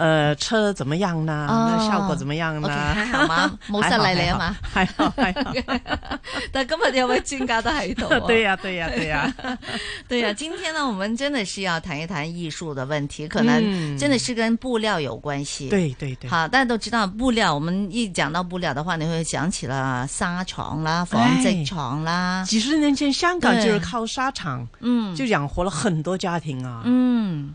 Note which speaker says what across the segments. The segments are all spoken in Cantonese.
Speaker 1: 呃，車怎麼樣呢？效果怎麼樣呢？好嗎？冇失禮你啊嘛？係係。
Speaker 2: 但今日有位專家都喺度。對呀對呀對呀。對呀，今天呢，我們真的是要談一談藝術的問題，可能真的是跟布料有關係。對對對。好，大家都知道布料，我們一講到布料的話，你會想起了紗廠啦、紡織廠啦。幾十
Speaker 1: 年前，香港就是靠紗廠，嗯，就
Speaker 2: 養活了很多家庭啊。嗯。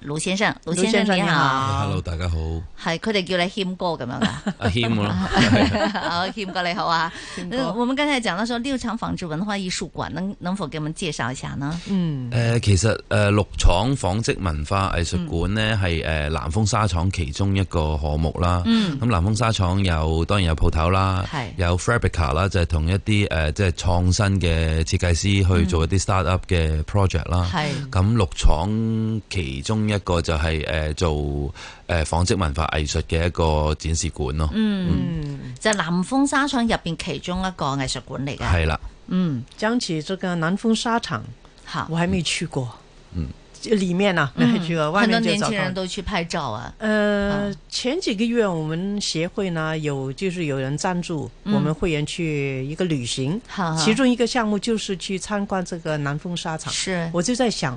Speaker 2: 盧先生，盧先生 Państwo, 你好，hello，大家好，係佢哋叫你謙哥咁樣噶
Speaker 3: 阿謙咯，
Speaker 2: 阿謙哥你好啊，我們剛才講到說六廠紡織文化藝術館，能能否給我們介紹一下呢？嗯，嗯，誒，
Speaker 3: 其實誒六廠紡織文化藝術館呢係誒南豐紗廠其中一個項目啦，嗯嗯嗯，咁，啊，南豐紗廠有當然有鋪頭啦，有 fabrica 啦，就係同一啲誒即係創新嘅設計師去做一啲 start up 嘅 project 啦，嗯嗯，係咁六廠其中。一個就係誒做誒紡織文化藝術嘅一個展示館咯，嗯，
Speaker 2: 就南豐紗廠入邊其中
Speaker 1: 一個藝術館嚟嘅，係啦，嗯，講起這個南豐紗廠，吓，我還沒去過，嗯，裏面啊，沒去過，很多年輕人都去拍照啊，呃，前幾個月我們協會呢有就是有人贊助我們會員去一個旅行，其中一個項目就是去參觀這個南豐紗廠，是，我就在想。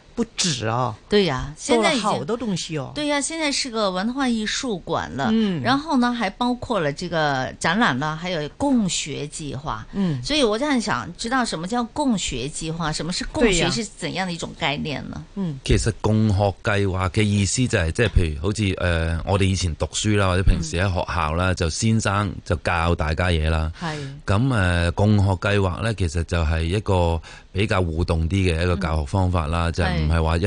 Speaker 1: 不止啊！對呀、啊，現在做了好多東西哦。對
Speaker 2: 呀、啊，現在是個文化藝術館了。嗯，然後呢，還包括了這個展覽啦，還有共學計劃。嗯，所以我就很想知道什麼叫共學計劃，什麼是共學，是怎樣的一種概念呢？啊、
Speaker 3: 嗯，其實共學計劃嘅意思就係、是，即係譬如好似誒、呃，我哋以前讀書啦，或者平時喺學校啦，嗯、就先生就教大家嘢啦。係是。咁誒、呃，共學計劃咧，其實就係一個。比較互動啲嘅一個教學方法啦、嗯，就唔係話一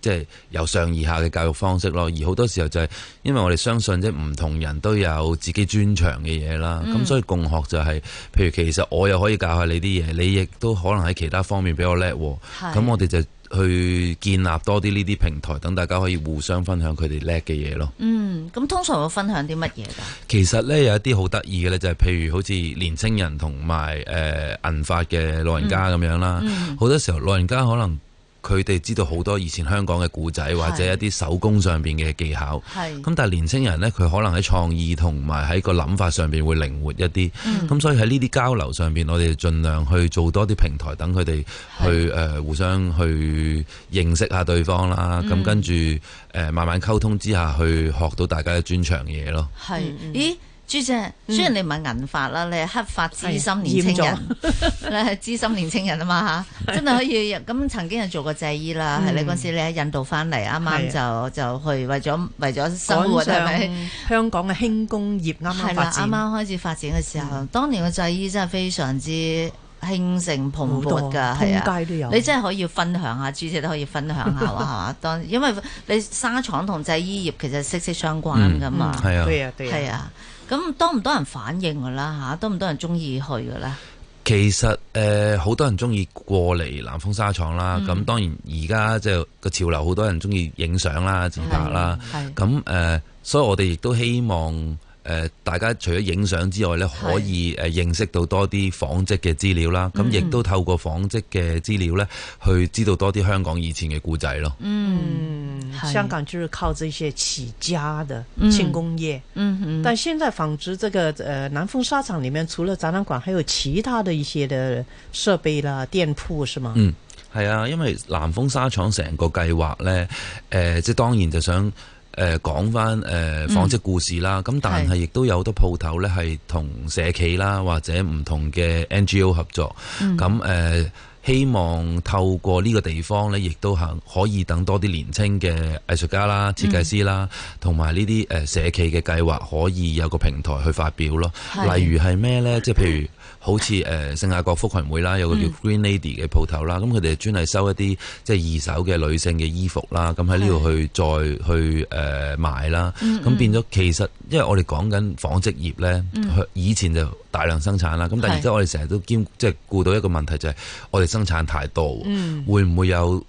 Speaker 3: 即係由上而下嘅教育方式咯，而好多時候就係因為我哋相信，即係唔同人都有自己專長嘅嘢啦，咁、嗯、所以共學就係、是、譬如其實我又可以教下你啲嘢，你亦都可能喺其他方面比我叻喎，咁我哋就。去建立多啲呢啲平台，等大家可以互相分享佢哋叻嘅嘢咯。嗯，
Speaker 2: 咁通常會分享啲乜嘢噶？
Speaker 3: 其實咧有一啲好得意嘅咧，就係譬如好似年青人同埋誒銀髮嘅老人家咁樣啦。嗯嗯、好多時候老人家可能。佢哋知道好多以前香港嘅故仔，或者一啲手工上面嘅技巧。咁，係但係年青人呢，佢可能喺創意同埋喺個諗法上面會靈活一啲。咁、嗯、所以喺呢啲交流上面，我哋盡量去做多啲平台，等佢哋去是、呃、互相去認識下對方啦。咁、嗯、跟住、呃、慢慢溝通之下去，去學到大家嘅專長嘢咯。是嗯、
Speaker 2: 咦？朱姐，雖然你唔係銀髮啦，你係黑髮資深年青人，你係資深年青人啊嘛嚇，真係可以咁曾經係做過製衣啦，係你嗰陣時你喺印度翻嚟，啱啱就就去為咗為咗生活，係咪香港嘅輕工業啱啱啱啱開始發展嘅時候，當年嘅製衣真係非常之興盛蓬勃㗎，係啊，你真係可以分享下，朱姐都可以分享下話，係嘛？當因為你紗廠同製衣業其實息息相關㗎嘛，係啊，係啊。咁，多唔多人反應噶啦吓，多唔多人中意去噶啦？
Speaker 3: 其實誒，好、呃、多人中意過嚟南豐紗廠、嗯、啦。咁當然而家即係個潮流，好多人中意影相啦、自拍啦。咁誒、呃，所以我哋亦都希望。呃、大家除咗影相之外咧，是可以誒、呃、認識到多啲紡織嘅資料啦。咁亦、嗯、都透過紡織嘅資料咧，去知道多啲香港以前嘅古仔咯嗯。
Speaker 1: 嗯，香港就是靠這些起家嘅輕工業。嗯、但現在紡織這個誒、呃、南豐紗廠裏面，除了展覽館，還有其他的一些嘅設備啦、店鋪是嗎？嗯，
Speaker 3: 係啊，因為南豐紗廠成個計劃咧、呃，即當當然就想。誒講翻誒紡織故事啦，咁、嗯、但係亦都有好多鋪頭呢係同社企啦或者唔同嘅 NGO 合作，咁誒、嗯嗯呃、希望透過呢個地方呢亦都行可以等多啲年青嘅藝術家啦、設計師啦，同埋呢啲社企嘅計劃，可以有個平台去發表咯。嗯、例如係咩呢？的即係譬如。好似誒聖雅各福群會啦，有個叫 Green Lady 嘅鋪頭啦，咁佢哋專係收一啲即係二手嘅女性嘅衣服啦，咁喺呢度去是的 再去誒賣、呃、啦，咁、嗯嗯、變咗其實因為我哋講緊紡織業咧，以前就大量生產啦，咁但係而家我哋成日都兼即係顧到一個問題，就係我哋生產太多，的嗯、會唔會有？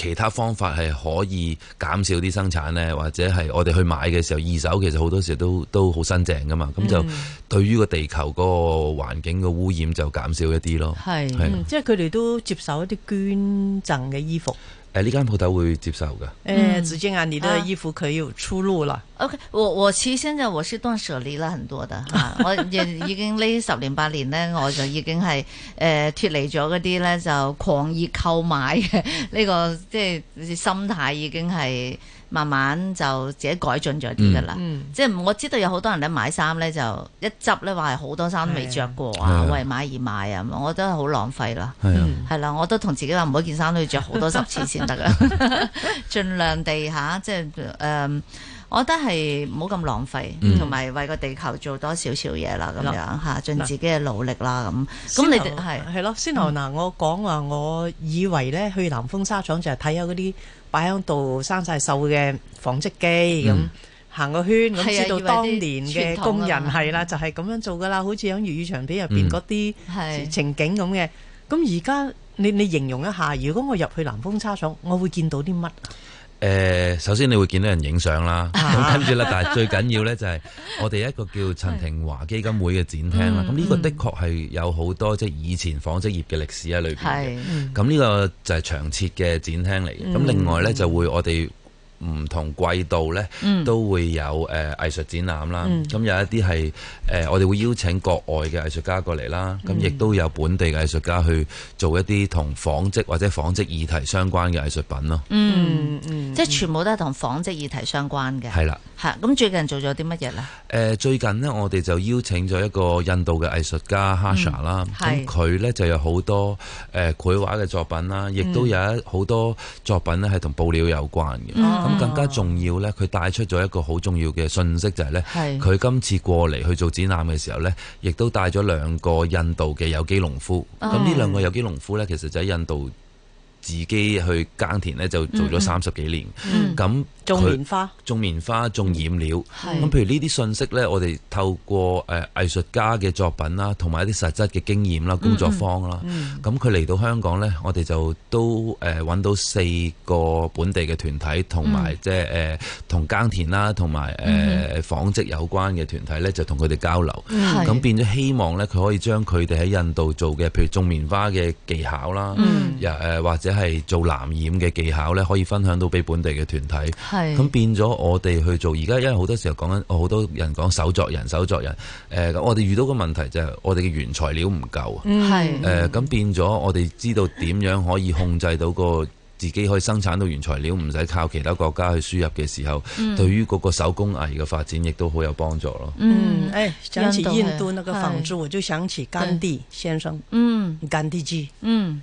Speaker 3: 其他方法係可以減少啲生產呢，或者係我哋去買嘅時候二手，其實好多時候都都好新淨㗎嘛，咁就對於個地球嗰個環境嘅污染就減少一啲咯。係是，是即
Speaker 1: 係佢哋都接受一啲捐贈嘅衣服。
Speaker 3: 誒，呢、呃、間鋪頭會接受噶。誒、
Speaker 1: 嗯哎，子君啊，你的衣服
Speaker 2: 可以有出路啦、啊。OK，我我其實現在我是斷捨離了很多的、啊、 我已已經呢十年八年咧，我就已經係誒、呃、脫離咗嗰啲咧就狂熱購買嘅呢、這個即係心態，已經係。慢慢就自己改進咗啲噶啦，嗯、即係我知道有好多人咧買衫咧就一執咧，話係好多衫都未着過啊，啊為買而買啊，我覺得好浪費啦，係啦，我都同自己話每一件衫都要着好多十次先得噶，儘 量地嚇、啊，即係誒。呃我覺得係唔好咁浪費，同埋、嗯、為個地球做多少少嘢啦，咁、嗯、樣嚇，盡自己
Speaker 1: 嘅努力啦，咁、嗯。咁你哋係係咯，先頭嗱，嗯、我講話，我以為咧去南豐紗廠就係睇下嗰啲擺喺度生晒銹嘅紡織機，咁行、嗯、個圈，我知道當年嘅工人係啦，就係、是、咁樣做噶啦，嗯、好似響粵語長片入邊嗰啲情景咁嘅。咁而家你你形容一下，如果我入去南豐紗廠，我會見到啲乜啊？
Speaker 3: 誒、呃，首先你會見到人影相啦，咁跟住咧，啊、但係最緊要咧就係我哋一個叫陳庭華基金會嘅展廳啦。咁呢、嗯、個的確係有好多即、係、以前紡織業嘅歷史喺裏面。咁呢、嗯、個就係長設嘅展廳嚟嘅。咁、嗯、另外咧就會我哋，唔同季度呢，都會有誒藝術展覽啦。咁、嗯、有一啲係誒，我哋會邀請國外嘅藝術家過嚟啦。咁亦都有本地嘅藝術家去做一啲同紡織或者紡織議題相關嘅藝術品咯、嗯。嗯，
Speaker 2: 嗯即係全部都係同紡織議題相關嘅。係啦的，咁最近做咗啲乜嘢呢？
Speaker 3: 誒，最近呢，我哋就邀請咗一個印度嘅藝術家 Has、嗯、ha 啦。咁佢呢就有好多誒繪畫嘅作品啦，亦、嗯、都有一好多作品呢係同布料有關嘅。嗯咁更加重要呢，佢帶出咗一個好重要嘅訊息，就係呢，佢今次過嚟去做展覽嘅時候呢，亦都帶咗兩個印度嘅有機農夫。咁呢兩個有機農夫呢，其實就喺印度，自己去耕田咧，就做咗三十幾年。咁、嗯嗯、他種棉花，種棉花，種染料。咁是譬如呢啲信息咧，我哋透過誒藝術家嘅作品啦，同埋一啲實質嘅經驗啦，工作坊啦。咁佢嚟到香港咧，我哋就都誒揾到四個本地嘅團體，同埋即係誒同耕田啦，同埋誒紡織有關嘅團體咧，就同佢哋交流。咁是變咗希望咧，佢可以將佢哋喺印度做嘅，譬如種棉花嘅技巧啦，又誒、嗯呃、或者係。係做藍染嘅技巧咧，可以分享到俾本地嘅團體。係咁是變咗，我哋去做而家，現在因為好多時候講緊，好多人講手作人手作人。誒、呃，我哋遇到個問題就係我哋嘅原材料唔夠。嗯是，係咁、呃、變咗我哋知道點樣可以控制到個自己可以生產到原材料，唔使靠其他國家去輸入嘅時候，嗯、對於嗰個手工藝嘅發展亦都好有幫助咯。嗯，
Speaker 1: 誒、哎，想起印度那個紡織，我是就想起甘地先生。嗯，甘地機。嗯。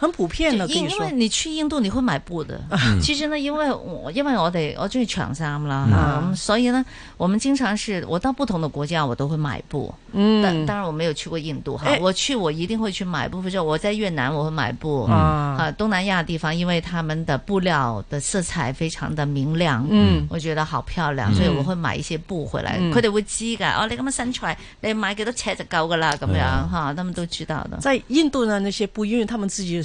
Speaker 1: 很普遍的，因因為
Speaker 2: 你去印度你會買布的。其實呢，因為我因為我得，我中意長衫啦，所以呢，我們經常是，我到不同的國家我都會買布。嗯，但，當然我沒有去過印度哈，我去我一定會去買布。比如我在越南我會買布啊，東南亞地方因為他們的布料的色彩非常的明亮，嗯，我覺得好漂亮，所以我會買一些布回來。快得喂雞噶，哦，你咁嘅
Speaker 1: 身材，你買幾多尺就夠了啦，咁樣哈，他們都知道的。在印度呢，那些布因為他們自己。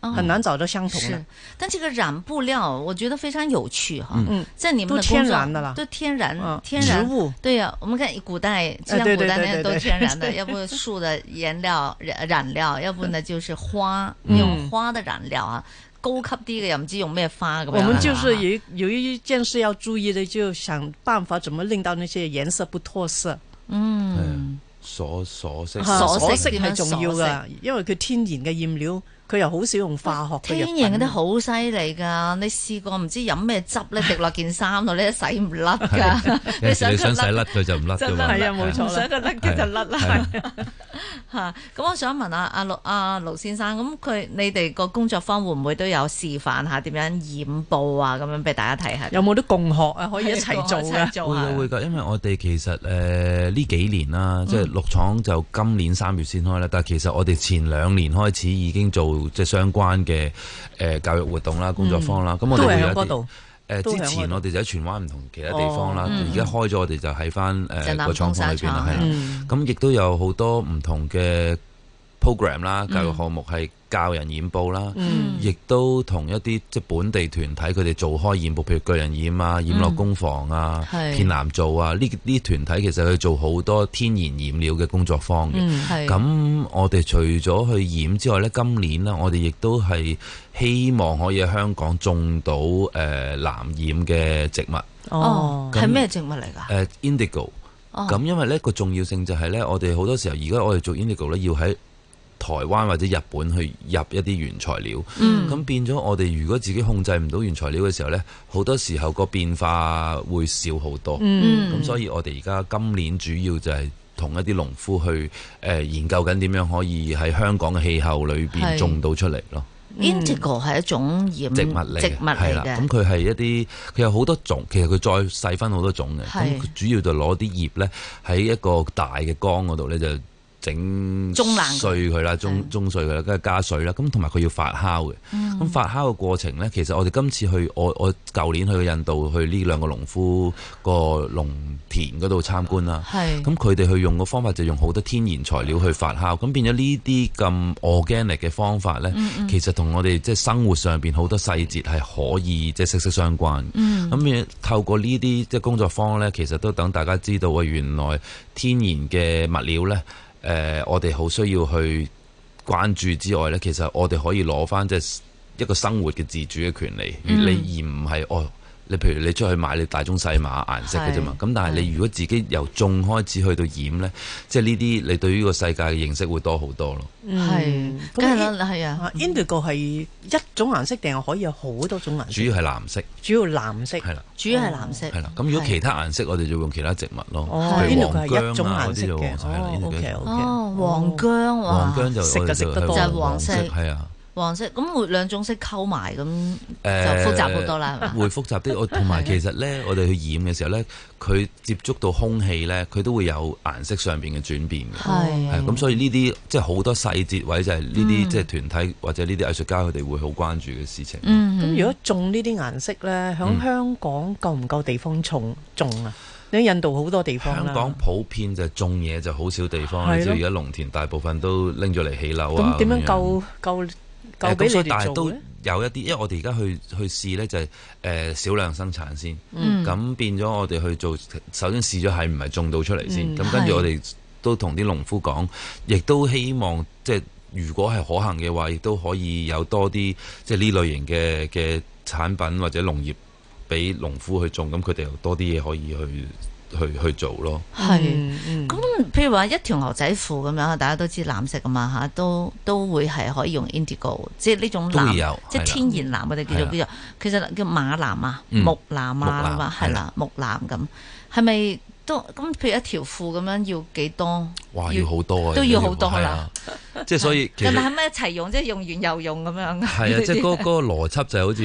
Speaker 1: 哦、很難找到相同。是，但這個染布料，我覺得非常有趣、嗯、哈。嗯
Speaker 2: 嗯。在你們的都天然的啦，都天然。天然植物。嗯、對呀、啊，我們看古代，像古代那些都天然的，要不樹的顏料染染料，要不呢就是花，用花的染料
Speaker 1: 啊。嗯、高級啲嘅又唔知用咩花咁樣。有有我們就是有一有一件事要注意的，就想辦法怎麼令到那些顏色不脫色。嗯，
Speaker 3: 鎖鎖、
Speaker 1: 哎、色，鎖色係重要噶、啊，色因為佢天然嘅染料。佢又好少用化學。天然嗰啲
Speaker 2: 好犀利㗎，你試過唔知飲咩汁咧，滴落件衫度，你都洗唔甩㗎。你
Speaker 3: 想佢甩甩佢就唔甩，真係啊，冇錯啦。唔想佢甩嘅就甩啦。嚇，
Speaker 2: 咁我想問下阿阿盧阿盧先生，咁佢你哋個工作坊會唔會都有示範下點樣染布啊？咁樣俾大家睇下。有冇
Speaker 1: 啲共學啊？可以一
Speaker 2: 齊做嘅。會
Speaker 3: 會會㗎，因為我哋其實誒呢幾年啦，即係六廠就今年三月先開啦，但係其實我哋前兩年開始已經做。即係相關嘅誒、呃、教育活動啦、工作坊啦，咁、嗯、我哋會喺一啲、
Speaker 1: 呃、之前，我
Speaker 3: 哋就喺荃灣唔同其他地方啦。而家、哦嗯、開咗，我哋就喺翻誒個廠房裏邊啦。係啦，咁亦都有好多唔同嘅。program 啦，教育項目係教人染布啦，亦都同一啲即係本地團體佢哋做開染布，譬如巨人染啊、染落工房啊、鐵藍、嗯、做啊，呢啲團體其實佢做好多天然染料嘅工作坊嘅。咁、嗯、我哋除咗去染之外呢，今年呢，我哋亦都係希望可以喺香港種到誒藍染嘅植物。哦，係咩那植物嚟㗎？誒，indigo。哦。咁因為呢個重要性就係呢，我哋好多時候而家我哋做 indigo 呢，要喺台灣或者日本去入一啲原材料，咁、嗯、變咗我哋如果自己控制唔到原材料嘅時候呢，好多時候個變化會少好多。咁、嗯、所以我哋而家今年主要就係同一啲農夫去、呃、研究緊點樣可以喺香港嘅氣候裏面種到出嚟咯。
Speaker 2: Indigo 係、嗯嗯、一種植物嚟，植物嚟嘅。咁佢
Speaker 3: 係一啲佢有好多種，其實佢再細分好多種嘅。咁是主要就攞啲葉呢，喺一個大嘅缸嗰度呢就，整碎佢啦，中中碎佢啦，跟住加水啦。咁同埋佢要發酵嘅。咁、嗯、發酵嘅過程呢，其實我哋今次去，我我舊年去印度去呢兩個農夫個農田嗰度參觀啦。咁佢哋去用嘅方法就用好多天然材料去發酵。咁變咗呢啲咁 organic 嘅方法呢，嗯嗯其實同我哋即係生活上邊好多細節係可以即係、就是、息息相關。咁、嗯、透過呢啲即係工作坊呢，其實都等大家知道啊，原來天然嘅物料呢。誒、呃，我哋好需要去關注之外咧，其實我哋可以攞返即係一個生活嘅自主嘅權利，你、嗯、而唔係我。哦你譬如你出去買，你大中細碼顏色嘅啫嘛。咁但係你如果自己由種開始去到染咧，即係呢啲你對於個世界嘅認識會多好多咯。
Speaker 1: 係，梗係啊。Indigo 係一種顏色定係可以有好多種顏色？主要係藍色。主要藍色係啦。主要係藍色係啦。咁如果其
Speaker 3: 他顏色，我哋就用其他植物咯。Indigo 係一種顏色嘅。
Speaker 1: 哦，
Speaker 2: 黃姜。黃姜就食係黃色。係啊。黃色咁兩種色溝埋咁就複雜好多啦，呃、吧會
Speaker 3: 複雜啲。我同埋其實咧，我哋去染嘅時候咧，佢 的接觸到空氣咧，佢都會有顏色上邊嘅轉變嘅。係、嗯，咁所以呢啲即係好多細節位就係呢啲即係團體、嗯、或者呢啲藝術家佢哋會好關注嘅事情。咁、嗯嗯、如果
Speaker 1: 種呢啲顏色咧，喺香港夠唔夠地方種種啊？你印度好多地方，香港
Speaker 3: 普遍就種嘢就好少地方，的你知道而家農田大部分都拎咗嚟起樓啊。咁點樣夠樣夠？
Speaker 1: 夠誒，咁所以但係都
Speaker 3: 有一啲，因為我哋而家去去試呢，就係誒少量生產先，咁、嗯、變咗我哋去做，首先試咗係唔係種到出嚟先，咁、嗯、跟住我哋都同啲農夫講，是亦都希望即係如果係可行嘅話，亦都可以有多啲即係呢類型嘅嘅產品或者農業俾農夫去種，咁佢哋又多啲嘢可以去。去去做咯，
Speaker 2: 係、嗯，咁、嗯、譬、嗯、如話一條牛仔褲咁樣，大家都知藍色噶嘛吓，都都會係可以用 indigo，即係呢種藍，即係天然藍，我哋叫做叫做，其實叫馬藍啊、嗯、木藍啊嘛，係啦，木藍咁，係咪的的都咁？譬如一條褲咁樣要幾多，哇多？哇，要好多啊，都要好多啦。的
Speaker 3: 即係所以，其實咁你係
Speaker 2: 咪一齊用？即係用完又用咁樣？係啊，即係嗰嗰個
Speaker 3: 邏輯就係好似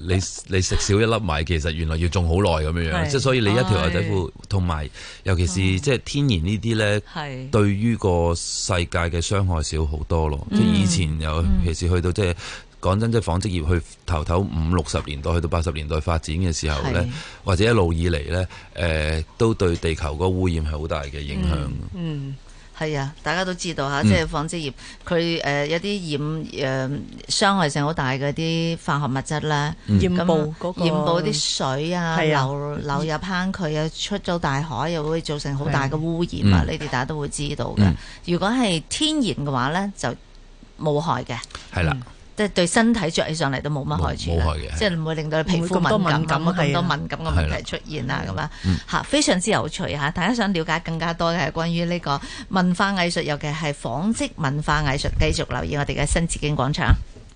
Speaker 3: 你 你食少一粒米，其實原來要種好耐咁樣樣。即係的所以你一條牛仔褲，同埋的尤其是即係天然呢啲咧，對於個世界嘅傷害少好多咯。即係的、嗯、以前有，尤其是去到即係講真，即係紡織業去頭頭五六十年代，去到八十年代發展嘅時候咧，的或者一路以嚟咧，誒、呃、都對地球嗰個污染係好大嘅影響。
Speaker 2: 嗯。嗯。係啊，大家都知道嚇，即係紡織業，佢誒、嗯呃、有啲染誒、呃、傷害性好大嘅啲化學物質啦，嗯、樣染布嗰、那個、染布啲水啊，的流流入坑渠啊，出咗大海又會造成好大嘅污染啊！呢啲的、嗯、大家都會知道嘅。嗯、如果係天然嘅話呢，就冇害嘅。係啦的。嗯即係對身體着起上嚟都冇乜害處，啊、即係唔會令到你皮膚敏感咁多敏感嘅問題出現啊，咁樣啊，吓、嗯、非常之有趣吓。大家想了解更加多嘅係關於呢個文化藝術，尤其係紡織文化藝術，繼續留意我哋嘅新紫荊廣場。